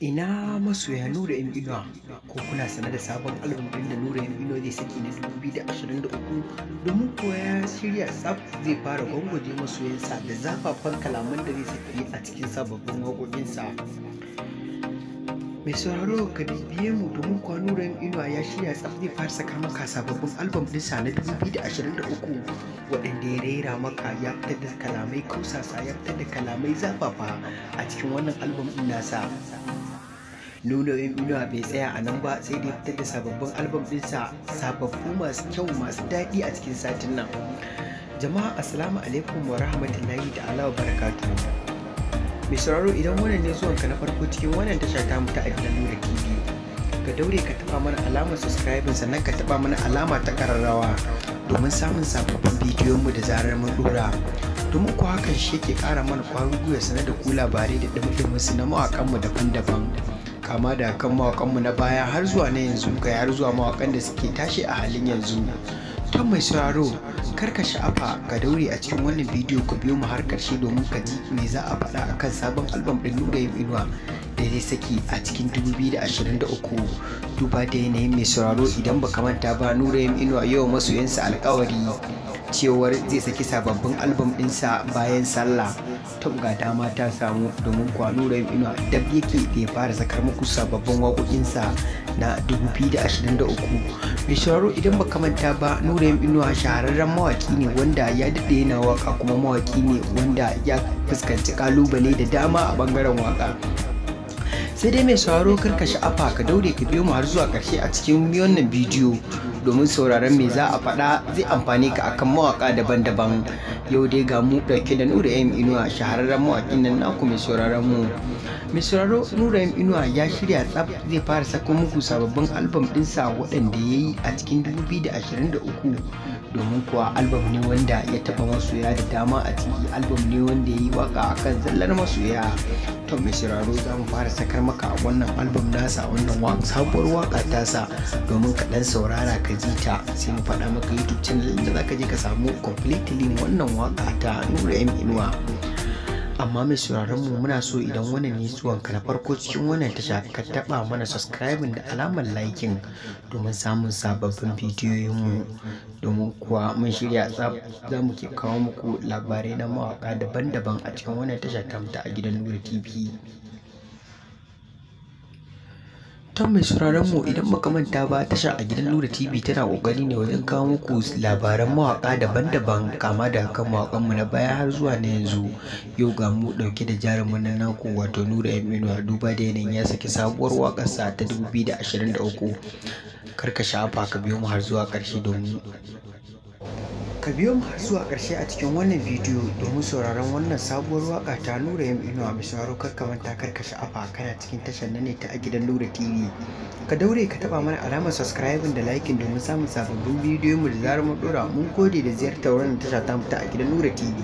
ina masoya nura yan inuwa ko kuna sanar da sabon album ɗin da nura yan inuwa zai saki na 2023 domin kuwa ya shirya tsaf zai fara gwangwaje masoyansa da zafafan kalaman da zai saki a cikin sababbin waƙoƙinsa mai sauraro ka bibiye mu domin kwano ran inuwa ya shirya tsaf zai fara saka maka sababbin albam ɗinsa na 2023 waɗanda ya rera maka ya fitar da kalamai kausasa ya fitar da kalamai zafafa a cikin wannan albam ɗin nasa nuna inuwa bai tsaya a nan ba sai da ya fitar da sababbin albam ɗinsa sababbu masu kyau masu daɗi a cikin satin nan jama'a assalamu alaikum wa rahmatullahi da alawa barakatuhu mai sauraro idan wannan ne zuwanka na farko cikin wannan tasha ta mu ta alƙalu da tv ka daure ka taba mana alamar subscribe sannan ka taba mana alama ta kararrawa domin samun sababbin bidiyon mu da zarar mun dora mu ko hakan shi yake kara mana kwarin gwiwa sanar da ku labarai da ɗumɗumin su na mawakan mu daban-daban kama da kan mawakan mu na baya har zuwa na yanzu ga har zuwa mawakan da suke tashi a halin yanzu kan mai sauraro karka sha'afa ka daure a cikin wannan bidiyo ku biyo mu har karshe domin ka ji me za a faɗa a kan sabon albam ɗin yin inuwa da zai saki a cikin 2023 duba da yanayin mai sauraro idan baka manta ba Nura yin inuwa yau masoyansa alkawari cewar zai saki sababbin albam ɗinsa bayan sallah ta ga dama ta samu domin Nura yin Inuwa dab yake bai fara zakar muku sababbin waƙoƙinsa na 2023 mai sauraro idan ba manta ba yin inuwa shahararren mawaki ne wanda ya daɗe yana waka kuma mawaki ne wanda ya fuskanci kalubale da dama a bangaren waka sai dai mai sauraro karka sha'afa ka daure ka biyo mu har zuwa karshe a cikin wannan bidiyo domin sauraron mai za a faɗa zai amfani ka akan mawaka daban-daban yau dai ga mu ɗauke da nura yin inuwa shahararren mawakin nan naku mai sauraron mu mai nura m inuwa ya shirya tsaf zai fara sako muku sababbin albam sa waɗanda ya yi a cikin 2023 domin kuwa albam ne wanda ya taba masoya da dama a ciki albam ne wanda ya yi waka a kan zallar masoya to mai za mu fara sakar maka wannan albam nasa wannan sabuwar waka tasa domin ka saurara ka ji ta sai mu faɗa maka youtube channel inda za ka je ka samu completely wannan waka ta nura m inuwa amma mai sauraron mu muna so idan wannan ne zuwan ka na farko cikin wannan tasha ka taba mana subscribing da alamar liking domin samun sababbin bidiyoyin mu domin kuwa mun shirya za mu ke kawo muku labarai na mawaka daban-daban a cikin wannan tasha ta a gidan Nura TV ta mai sauraron mu idan muka manta ba tasha a gidan lura TV tana kokari ne wajen kawo muku labaran mawaka daban-daban kama da kan mawakan mu na baya har zuwa na yanzu yau ga mu dauke da jarumin na naku wato Nura Aminu duba da yanayin ya saki sabuwar wakar sa ta 2023 karka shafa ka biyo mu har zuwa karshe domin Ka biyo mu har zuwa ƙarshe a cikin wannan bidiyo domin sauraron wannan sabuwar waka ta Nura yin Inuwa mai sauraro kar ka manta kar ka sha'afa kana cikin tashar nan ne ta a gidan Nura TV. Ka daure ka taba mana alamar subscribing da liking domin samun sababbin bidiyo mu da zarar mu dora mun gode da ziyartar wannan tasha ta mu ta a gidan Nura TV.